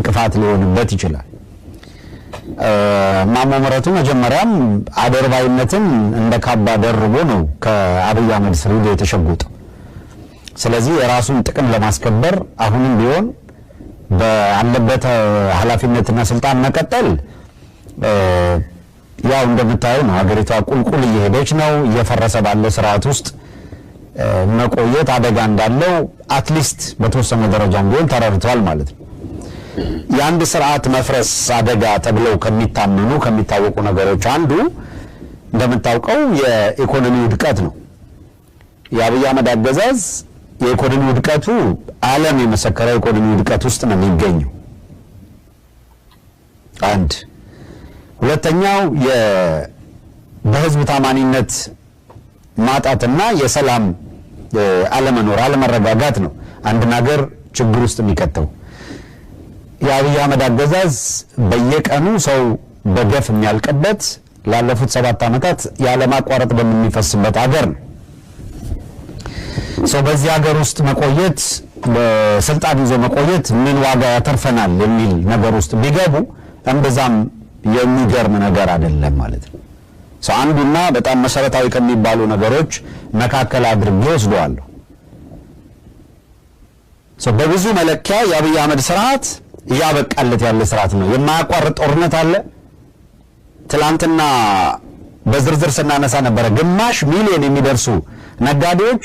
እንቅፋት ሊሆንበት ይችላል። ማሞ ምህረቱ መጀመሪያም አደርባይነትን እንደ ካባ ደርቦ ነው ከአብይ አህመድ ስሪዶ የተሸጎጠው። ስለዚህ የራሱን ጥቅም ለማስከበር አሁንም ቢሆን ባለበት ኃላፊነትና ስልጣን መቀጠል ያው እንደምታየው ነው። ሀገሪቷ ቁልቁል እየሄደች ነው። እየፈረሰ ባለ ስርዓት ውስጥ መቆየት አደጋ እንዳለው አትሊስት በተወሰነ ደረጃ ቢሆን ተረድቷል ማለት ነው። የአንድ ስርዓት መፍረስ አደጋ ተብለው ከሚታመኑ ከሚታወቁ ነገሮች አንዱ እንደምታውቀው የኢኮኖሚ ውድቀት ነው። የአብይ አህመድ አገዛዝ የኢኮኖሚ ውድቀቱ ዓለም የመሰከረው የኢኮኖሚ ውድቀት ውስጥ ነው የሚገኘው። አንድ ሁለተኛው በህዝብ ታማኒነት ማጣትና የሰላም አለመኖር አለመረጋጋት ነው አንድን ሀገር ችግር ውስጥ የሚከተው። የአብይ አህመድ አገዛዝ በየቀኑ ሰው በገፍ የሚያልቅበት ላለፉት ሰባት ዓመታት ያለማቋረጥ በምንፈስበት አገር ነው። ሰው በዚህ ሀገር ውስጥ መቆየት በስልጣን ይዞ መቆየት ምን ዋጋ ያተርፈናል የሚል ነገር ውስጥ ቢገቡ እምብዛም የሚገርም ነገር አይደለም ማለት ነው። ሰው አንዱና በጣም መሰረታዊ ከሚባሉ ነገሮች መካከል አድርጌ ወስደዋለሁ። በብዙ መለኪያ የአብይ አህመድ ስርዓት እያበቃለት ያለ ስርዓት ነው። የማያቋርጥ ጦርነት አለ። ትላንትና በዝርዝር ስናነሳ ነበረ። ግማሽ ሚሊዮን የሚደርሱ ነጋዴዎች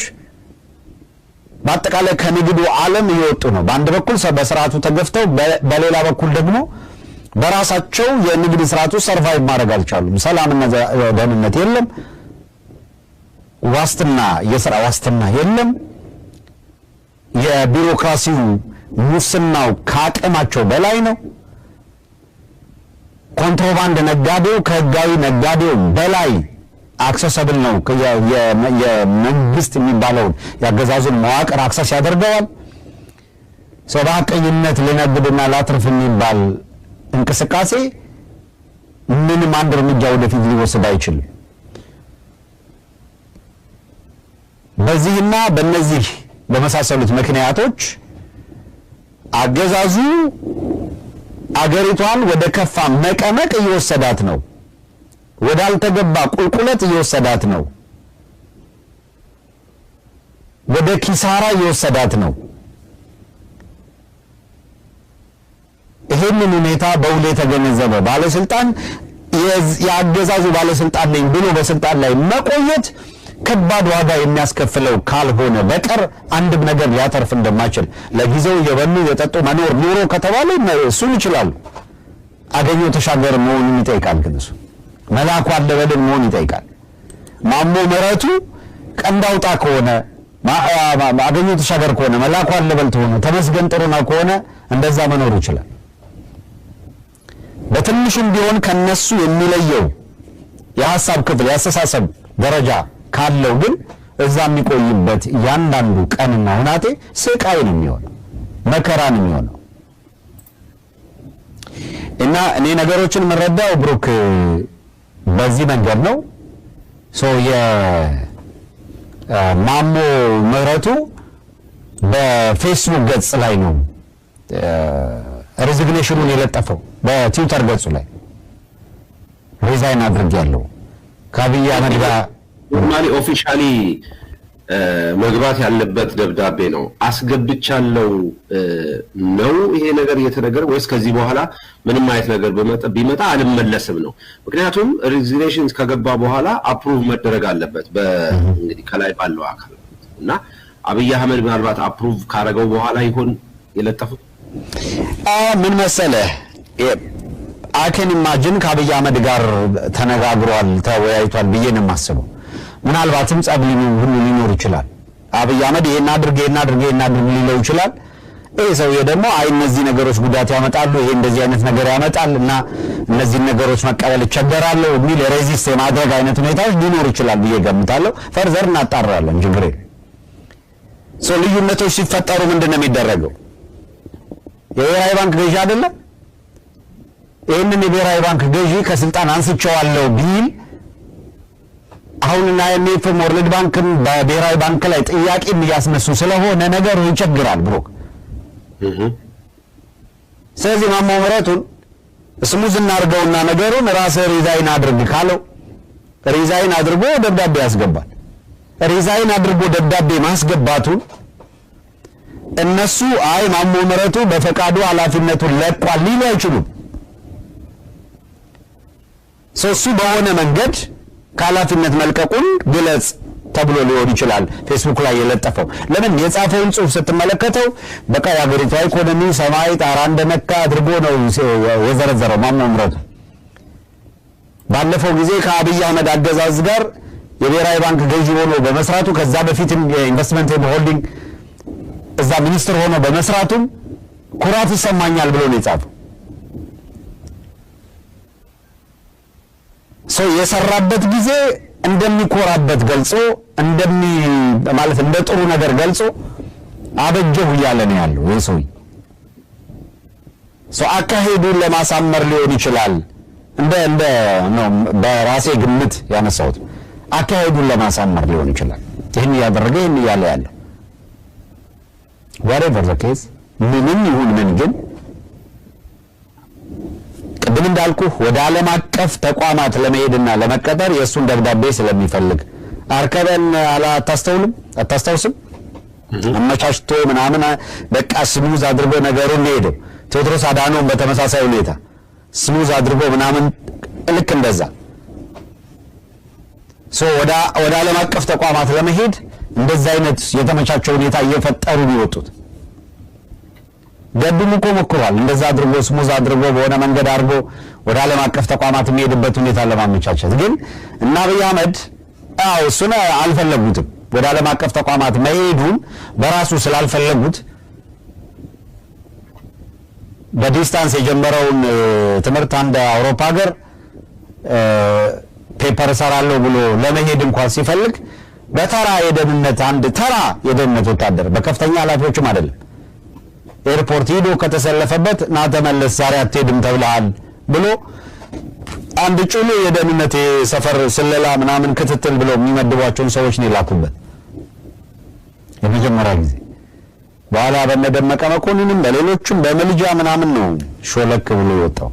በአጠቃላይ ከንግዱ ዓለም እየወጡ ነው። በአንድ በኩል በስርዓቱ ተገፍተው፣ በሌላ በኩል ደግሞ በራሳቸው የንግድ ስርዓቱ ሰርቫይቭ ማድረግ አልቻሉም። ሰላምና ደህንነት የለም። ዋስትና የስራ ዋስትና የለም። የቢሮክራሲው ሙስናው ከአቅማቸው በላይ ነው። ኮንትሮባንድ ነጋዴው ከህጋዊ ነጋዴው በላይ አክሰሰብል ነው። የመንግስት የሚባለውን የአገዛዙን መዋቅር አክሰስ ያደርገዋል። ሰባቀኝነት ልነግድና ላትርፍ የሚባል እንቅስቃሴ ምንም አንድ እርምጃ ወደፊት ሊወስድ አይችልም። በዚህና በእነዚህ በመሳሰሉት ምክንያቶች አገዛዙ አገሪቷን ወደ ከፋ መቀመቅ እየወሰዳት ነው። ወዳልተገባ ቁልቁለት እየወሰዳት ነው። ወደ ኪሳራ እየወሰዳት ነው። ይህንን ሁኔታ በውል የተገነዘበ ባለስልጣን የአገዛዙ ባለስልጣን ነኝ ብሎ በስልጣን ላይ መቆየት ከባድ ዋጋ የሚያስከፍለው ካልሆነ በቀር አንድም ነገር ሊያተርፍ እንደማይችል ለጊዜው የበሉ የጠጡ መኖር ኑሮ ከተባለ እሱን ይችላሉ። አገኘው ተሻገር መሆኑን ይጠይቃል። ግን እሱ መላኩ አለበልን መሆን ይጠይቃል። ማሞ ምረቱ ቀንድ አውጣ ከሆነ አገኘው ተሻገር ከሆነ መላኩ አለበል ከሆነ ተመስገን ጥሩና ከሆነ እንደዛ መኖር ይችላል። በትንሹም ቢሆን ከነሱ የሚለየው የሀሳብ ክፍል የአስተሳሰብ ደረጃ ካለው ግን እዛ የሚቆይበት ያንዳንዱ ቀንና ሁናቴ ስቃይ ነው የሚሆነው፣ መከራ ነው የሚሆነው። እና እኔ ነገሮችን የምረዳው ብሩክ በዚህ መንገድ ነው። የማሞ ምህረቱ በፌስቡክ ገጽ ላይ ነው ሬዚግኔሽኑን የለጠፈው። በትዊተር ገጹ ላይ ሪዛይን አድርጌያለሁ ከአብይ አህመድ ጋር ኖርማሊ ኦፊሻሊ መግባት ያለበት ደብዳቤ ነው። አስገብቻለው ነው ይሄ ነገር እየተነገረ ወይስ ከዚህ በኋላ ምንም አይነት ነገር ቢመጣ አልመለስም ነው? ምክንያቱም ሬዚግኔሽን ከገባ በኋላ አፕሩቭ መደረግ አለበት እንግዲህ ከላይ ባለው አካል እና አብይ አህመድ ምናልባት አፕሩቭ ካረገው በኋላ ይሆን የለጠፉት። ምን መሰለህ አይ ካን ኢማጂን ከአብይ አህመድ ጋር ተነጋግሯል፣ ተወያይቷል ብዬ ነው የማስበው ምናልባትም ጸብ ሁሉ ሊኖር ይችላል። አብይ አህመድ ይሄን አድርግ ይሄን አድርግ ይሄን አድርግ ሊለው ይችላል። ይህ ሰውዬ ደግሞ አይ እነዚህ ነገሮች ጉዳት ያመጣሉ፣ ይሄ እንደዚህ አይነት ነገር ያመጣል እና እነዚህን ነገሮች መቀበል ይቸገራለሁ የሚል ሬዚስት የማድረግ አይነት ሁኔታዎች ሊኖር ይችላል ብዬ ገምታለሁ። ፈርዘር እናጣራለን። ችግር ልዩነቶች ሲፈጠሩ ምንድን ነው የሚደረገው? የብሔራዊ ባንክ ገዢ አይደለም። ይህንን የብሔራዊ ባንክ ገዢ ከስልጣን አንስቸዋለሁ ቢል አሁንና የሜፍም ወርልድ ባንክም በብሔራዊ ባንክ ላይ ጥያቄ እያስነሱ ስለሆነ ነገሩ ይቸግራል ብሮ ስለዚህ ማሞ ምህረቱን ስሙዝ እናድርገውና ነገሩን ራስ ሪዛይን አድርግ ካለው ሪዛይን አድርጎ ደብዳቤ ያስገባል። ሪዛይን አድርጎ ደብዳቤ ማስገባቱን እነሱ አይ ማሞ ምህረቱ በፈቃዱ ኃላፊነቱን ለቋል ሊሉ አይችሉም። ሰሱ በሆነ መንገድ ከኃላፊነት መልቀቁን ግለጽ ተብሎ ሊሆን ይችላል። ፌስቡክ ላይ የለጠፈው ለምን የጻፈውን ጽሁፍ ስትመለከተው በቃ የሀገሪቷ ኢኮኖሚ ሰማይ ጣራ እንደነካ አድርጎ ነው የዘረዘረው። ማሞምረቱ ባለፈው ጊዜ ከአብይ አህመድ አገዛዝ ጋር የብሔራዊ ባንክ ገዢ ሆኖ በመስራቱ ከዛ በፊትም የኢንቨስትመንት ሆልዲንግ እዛ ሚኒስትር ሆኖ በመስራቱም ኩራት ይሰማኛል ብሎ ነው የጻፈው። ሰው የሰራበት ጊዜ እንደሚኮራበት ገልጾ እንደሚ ማለት እንደ ጥሩ ነገር ገልጾ አበጀሁ እያለ ነው ያለው። ይህ ሰው ሰው አካሄዱን ለማሳመር ሊሆን ይችላል። እንደ እንደ ነው በራሴ ግምት ያነሳሁት አካሄዱን ለማሳመር ሊሆን ይችላል። ይህን እያደረገ ይህን እያለ ያለው ወሬቨር ዘ ኬዝ ምንም ይሁን ምን ግን ቅድም እንዳልኩህ ወደ ዓለም አቀፍ ተቋማት ለመሄድና ለመቀጠር የእሱን ደብዳቤ ስለሚፈልግ አርከበን አታስተውልም አታስታውስም? አመቻችቶ ምናምን በቃ ስሙዝ አድርጎ ነገሩን ሄደው ቴዎድሮስ አዳኖም በተመሳሳይ ሁኔታ ስሙዝ አድርጎ ምናምን ልክ እንደዛ ወደ ዓለም አቀፍ ተቋማት ለመሄድ እንደዛ አይነት የተመቻቸው ሁኔታ እየፈጠሩ ነው ገድም እኮ ሞክሯል። እንደዛ አድርጎ ስሙዝ አድርጎ በሆነ መንገድ አድርጎ ወደ ዓለም አቀፍ ተቋማት የሚሄድበት ሁኔታ ለማመቻቸት ግን እና አብይ አህመድ አዎ እሱን አልፈለጉትም። ወደ ዓለም አቀፍ ተቋማት መሄዱን በራሱ ስላልፈለጉት በዲስታንስ የጀመረውን ትምህርት አንድ አውሮፓ ሀገር ፔፐር እሰራለሁ ብሎ ለመሄድ እንኳን ሲፈልግ በተራ የደህንነት አንድ ተራ የደህንነት ወታደር በከፍተኛ ኃላፊዎችም አይደለም ኤርፖርት ሂዶ ከተሰለፈበት ና ተመለስ ዛሬ አትሄድም ተብለሃል ብሎ አንድ ጩሉ የደህንነት ሰፈር ስለላ ምናምን ክትትል ብለው የሚመድቧቸውን ሰዎች ነው የላኩበት የመጀመሪያ ጊዜ። በኋላ በነደመቀ መኮንንም በሌሎችም በምልጃ ምናምን ነው ሾለክ ብሎ የወጣው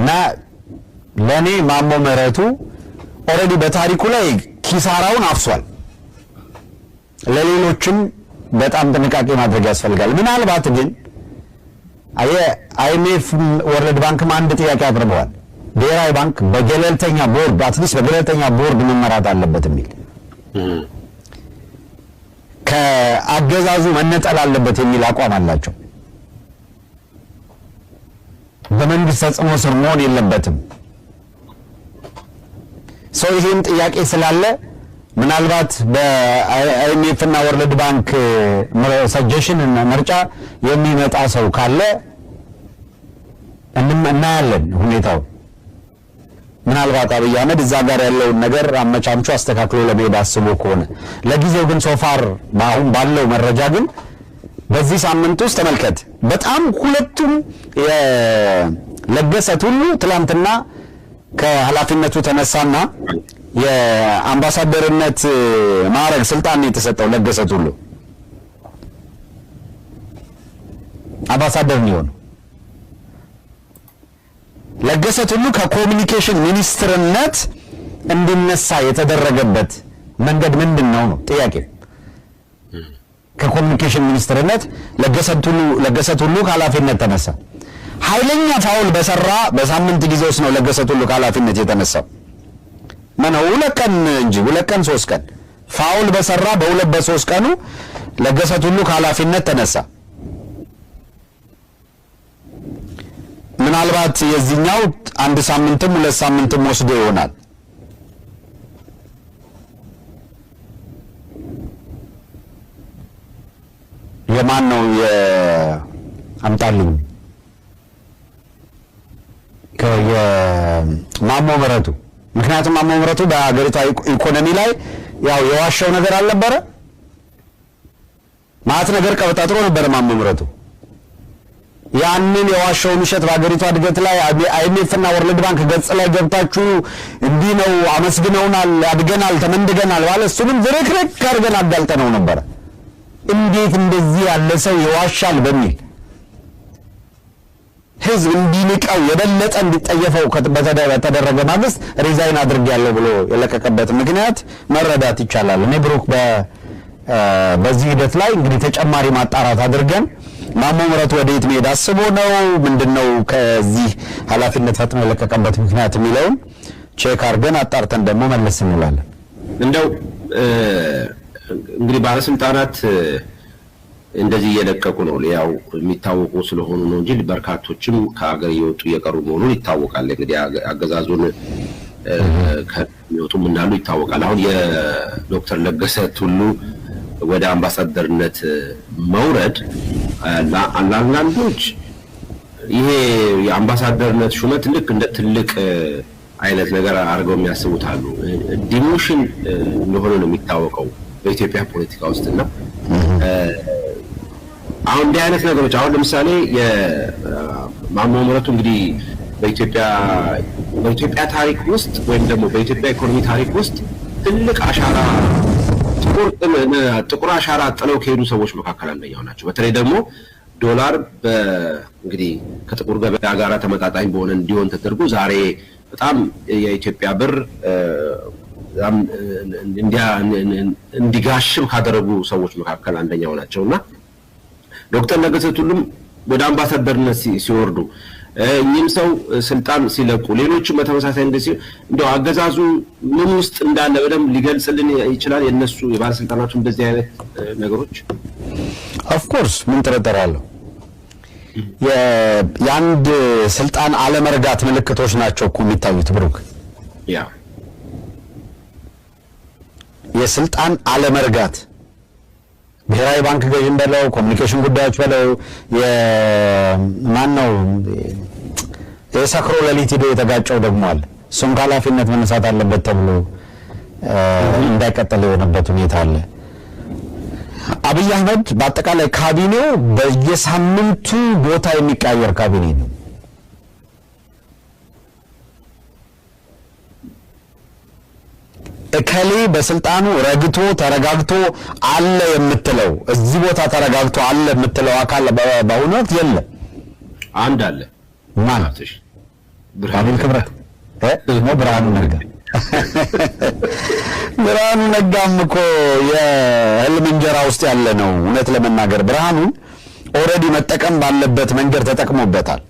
እና ለእኔ ማሞ ምህረቱ ኦልሬዲ በታሪኩ ላይ ኪሳራውን አፍሷል። ለሌሎችም በጣም ጥንቃቄ ማድረግ ያስፈልጋል። ምናልባት ግን አይኤምኤፍ ወርልድ ባንክም አንድ ጥያቄ አቅርበዋል። ብሔራዊ ባንክ በገለልተኛ ቦርድ አትሊስት በገለልተኛ ቦርድ መመራት አለበት የሚል ከአገዛዙ መነጠል አለበት የሚል አቋም አላቸው። በመንግስት ተጽዕኖ ስር መሆን የለበትም። ሰው ይህም ጥያቄ ስላለ ምናልባት በአይኤምኤፍ እና ወርልድ ባንክ ሰጀሽን እና ምርጫ የሚመጣ ሰው ካለ እናያለን ሁኔታው። ምናልባት አብይ አህመድ እዛ ጋር ያለውን ነገር አመቻምቹ አስተካክሎ ለመሄድ አስቦ ከሆነ ለጊዜው ግን ሶፋር አሁን ባለው መረጃ ግን በዚህ ሳምንት ውስጥ ተመልከት፣ በጣም ሁለቱም ለገሰት ሁሉ ትላንትና ከኃላፊነቱ ተነሳና የአምባሳደርነት ማዕረግ ስልጣን የተሰጠው። ለገሰ ቱሉ አምባሳደር ነው የሆነው። ለገሰ ቱሉ ከኮሚኒኬሽን ሚኒስትርነት እንዲነሳ የተደረገበት መንገድ ምንድን ነው ነው ጥያቄው። ከኮሚኒኬሽን ሚኒስትርነት ለገሰ ቱሉ ከኃላፊነት ተነሳ። ኃይለኛ ፋውል በሰራ በሳምንት ጊዜ ውስጥ ነው ለገሰ ቱሉ ከኃላፊነት የተነሳው። ማነው ሁለት ቀን እንጂ ሁለት ቀን ሶስት ቀን ፋውል በሰራ በሁለት በሶስት ቀኑ ለገሰት ሁሉ ከኃላፊነት ተነሳ። ምናልባት የዚህኛው አንድ ሳምንትም ሁለት ሳምንትም ወስዶ ይሆናል። የማን ነው? አምጣልኝ የማሞ ምህረቱ ምክንያቱም አመምረቱ በሀገሪቷ ኢኮኖሚ ላይ ያው የዋሻው ነገር አልነበረ ማት ነገር ቀበጣጥሮ ነበረ ማመምረቱ። ያንን የዋሻው ምሸት በሀገሪቷ እድገት ላይ አይኤምኤፍ እና ወርልድ ባንክ ገጽ ላይ ገብታችሁ እንዲህ ነው አመስግነውናል፣ አድገናል፣ ተመንድገናል ባለ እሱንም ዝርክርክ አድርገን አጋልጠነው ነበረ። እንዴት እንደዚህ ያለ ሰው ይዋሻል በሚል ህዝብ እንዲንቀው የበለጠ እንዲጠየፈው በተደረገ ማግስት ሪዛይን አድርጌያለሁ ብሎ የለቀቀበት ምክንያት መረዳት ይቻላል። እኔ ብሩክ በዚህ ሂደት ላይ እንግዲህ ተጨማሪ ማጣራት አድርገን ማሞ ምህረት ወዴት መሄድ አስቦ ነው ምንድነው ከዚህ ኃላፊነት ፈጥኖ የለቀቀበት ምክንያት የሚለውን ቼክ አድርገን አጣርተን ደግሞ መለስ እንላለን። እንደው እንግዲህ ባለስልጣናት እንደዚህ እየለቀቁ ነው። ያው የሚታወቁ ስለሆኑ ነው እንጂ በርካቶችም ከሀገር እየወጡ እየቀሩ መሆኑን ይታወቃል። እንግዲህ አገዛዙን ከሚወጡም እንዳሉ ይታወቃል። አሁን የዶክተር ለገሰ ቱሉ ወደ አምባሳደርነት መውረድ ለአንዳንዶች ይሄ የአምባሳደርነት ሹመት ልክ እንደ ትልቅ አይነት ነገር አድርገው የሚያስቡት አሉ። ዲሞሽን እንደሆነ ነው የሚታወቀው በኢትዮጵያ ፖለቲካ ውስጥና አሁን እንዲህ አይነት ነገሮች አሁን ለምሳሌ የማሞ ምህረቱ እንግዲህ በኢትዮጵያ በኢትዮጵያ ታሪክ ውስጥ ወይም ደግሞ በኢትዮጵያ ኢኮኖሚ ታሪክ ውስጥ ትልቅ አሻራ ጥቁር አሻራ ጥለው ከሄዱ ሰዎች መካከል አንደኛው ናቸው። በተለይ ደግሞ ዶላር እንግዲህ ከጥቁር ገበያ ጋር ተመጣጣኝ በሆነ እንዲሆን ተደርጎ ዛሬ በጣም የኢትዮጵያ ብር እንዲጋሽም ካደረጉ ሰዎች መካከል አንደኛው ናቸው እና ዶክተር ነገሰ ቱሉም ወደ አምባሳደርነት ሲወርዱ እኚህም ሰው ስልጣን ሲለቁ ሌሎችም በተመሳሳይ እንደዚህ እንደው አገዛዙ ምን ውስጥ እንዳለ በደንብ ሊገልጽልን ይችላል። የእነሱ የባለስልጣናቱ እንደዚህ አይነት ነገሮች ኦፍኮርስ ምን ጥርጥር አለው። የአንድ ስልጣን አለመርጋት ምልክቶች ናቸው እኮ የሚታዩት ብሩክ። ያ የስልጣን አለመርጋት ብሔራዊ ባንክ ገዥም በለው ኮሚኒኬሽን ጉዳዮች በለው የማን ነው የሰክሮ ሌሊት ሂዶ የተጋጨው ደግሞ አለ። እሱም ከኃላፊነት መነሳት አለበት ተብሎ እንዳይቀጠል የሆነበት ሁኔታ አለ። አብይ አህመድ በአጠቃላይ ካቢኔው በየሳምንቱ ቦታ የሚቀያየር ካቢኔ ነው። እከሌ በስልጣኑ ረግቶ ተረጋግቶ አለ የምትለው እዚህ ቦታ ተረጋግቶ አለ የምትለው አካል በአሁኑ ወቅት የለም። አንድ አለ። ማን? ብርሃኑ ክብረት ብርሃኑ ነጋ። ብርሃኑ ነጋም እኮ የህልም እንጀራ ውስጥ ያለ ነው። እውነት ለመናገር ብርሃኑን ኦልሬዲ መጠቀም ባለበት መንገድ ተጠቅሞበታል።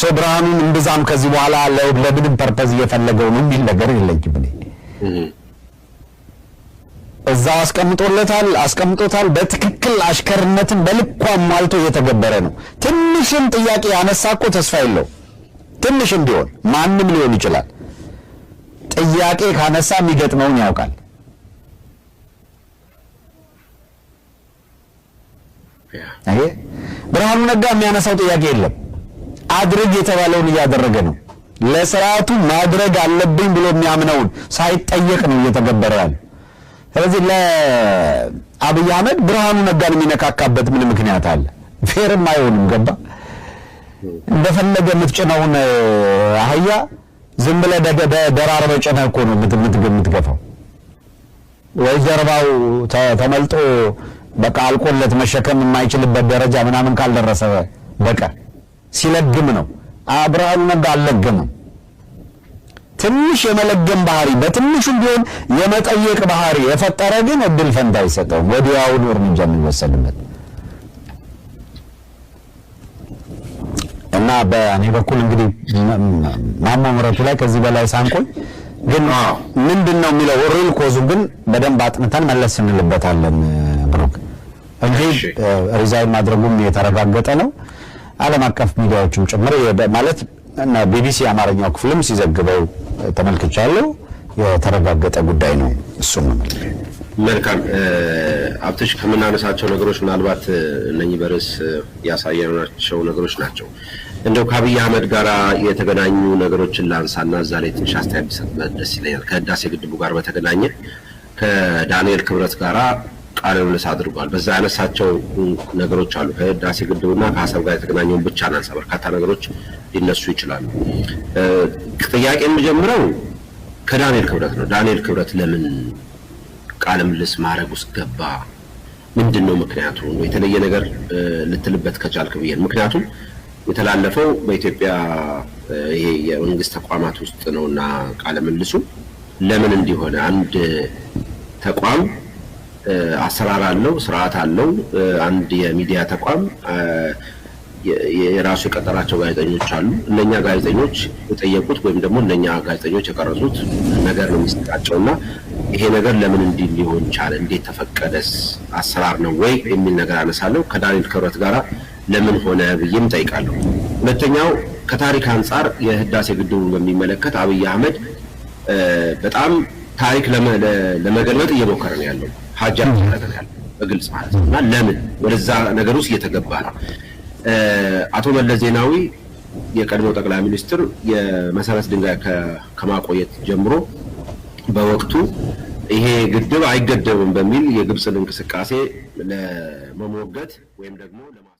ሰው ብርሃኑን እምብዛም ከዚህ በኋላ ለምንም ፐርፐዝ እየፈለገው ነው የሚል ነገር የለኝም እኔ እዛው አስቀምጦለታል አስቀምጦታል። በትክክል አሽከርነትን በልኳ አሟልቶ እየተገበረ ነው። ትንሽም ጥያቄ ያነሳ እኮ ተስፋ የለው። ትንሽም ቢሆን ማንም ሊሆን ይችላል። ጥያቄ ካነሳ የሚገጥመውን ያውቃል። ብርሃኑ ነጋ የሚያነሳው ጥያቄ የለም። አድርግ የተባለውን እያደረገ ነው። ለስርዓቱ ማድረግ አለብኝ ብሎ የሚያምነውን ሳይጠየቅ ነው እየተገበረ ያለ። ስለዚህ ለአብይ አህመድ ብርሃኑ ነጋን የሚነካካበት ምን ምክንያት አለ? ፌርም አይሆንም። ገባ እንደፈለገ የምትጭነውን አህያ ዝም ብለህ ደራርበህ ጭነህ እኮ ነው የምትገፋው። ወይ ጀርባው ተመልጦ በቃ አልቆለት መሸከም የማይችልበት ደረጃ ምናምን ካልደረሰ በቀር ሲለግም ነው። አብርሃም ነጋ አልለገመም። ትንሽ የመለገም ባህሪ በትንሹም ቢሆን የመጠየቅ ባህሪ የፈጠረ ግን እድል ፈንታ አይሰጠውም። ወዲያውኑ እርምጃ የሚወሰድበት እና በእኔ በኩል እንግዲህ ማሞ ምረቱ ላይ ከዚህ በላይ ሳንቆይ ግን ምንድን ነው የሚለው ሪል ኮዙ ግን በደንብ አጥንተን መለስ እንልበታለን ብሩክ እንጂ ሪዛይን ማድረጉም የተረጋገጠ ነው። ዓለም አቀፍ ሚዲያዎችም ጭምር ማለት እና ቢቢሲ አማርኛው ክፍልም ሲዘግበው ተመልክቻለሁ። የተረጋገጠ ጉዳይ ነው። እሱም መልካም አብቶች ከምናነሳቸው ነገሮች ምናልባት እነኚህ በርዕስ ያሳየናቸው ነገሮች ናቸው። እንደው ከአብይ አህመድ ጋር የተገናኙ ነገሮችን ላንሳና እዛ ላይ ትንሽ አስተያየት ሰጥበት ደስ ይለኛል። ከህዳሴ ግድቡ ጋር በተገናኘ ከዳንኤል ክብረት ጋራ ቃለ ምልልስ አድርጓል። በዛ ያነሳቸው ነገሮች አሉ። ከህዳሴ ግድብና ከሀሳብ ጋር የተገናኘውን ብቻ እናንሳ። በርካታ ነገሮች ሊነሱ ይችላሉ። ጥያቄ የሚጀምረው ከዳንኤል ክብረት ነው። ዳንኤል ክብረት ለምን ቃለ ምልልስ ማድረግ ውስጥ ገባ? ምንድን ነው ምክንያቱ? የተለየ ነገር ልትልበት ከቻልክ ብዬ ምክንያቱም የተላለፈው በኢትዮጵያ ይሄ የመንግስት ተቋማት ውስጥ ነው እና ቃለ ምልልሱ ለምን እንዲሆነ አንድ ተቋም አሰራር አለው፣ ስርዓት አለው። አንድ የሚዲያ ተቋም የራሱ የቀጠራቸው ጋዜጠኞች አሉ። እነኛ ጋዜጠኞች የጠየቁት ወይም ደግሞ እነኛ ጋዜጠኞች የቀረጹት ነገር ነው የሚሰጣቸው እና ይሄ ነገር ለምን እንዲህ ሊሆን ቻለ፣ እንዴት ተፈቀደስ፣ አሰራር ነው ወይ የሚል ነገር አነሳለሁ። ከዳንኤል ክብረት ጋር ለምን ሆነ ብዬም ጠይቃለሁ። ሁለተኛው ከታሪክ አንጻር የህዳሴ ግድቡን በሚመለከት አብይ አህመድ በጣም ታሪክ ለመገልበጥ እየሞከረ ነው ያለው ሀጃር ያደረገናል በግልጽ ማለት ነው እና ለምን ወደዛ ነገር ውስጥ እየተገባ ነው። አቶ መለስ ዜናዊ የቀድሞ ጠቅላይ ሚኒስትር የመሰረት ድንጋይ ከማቆየት ጀምሮ በወቅቱ ይሄ ግድብ አይገደብም በሚል የግብፅን እንቅስቃሴ ለመሞገት ወይም ደግሞ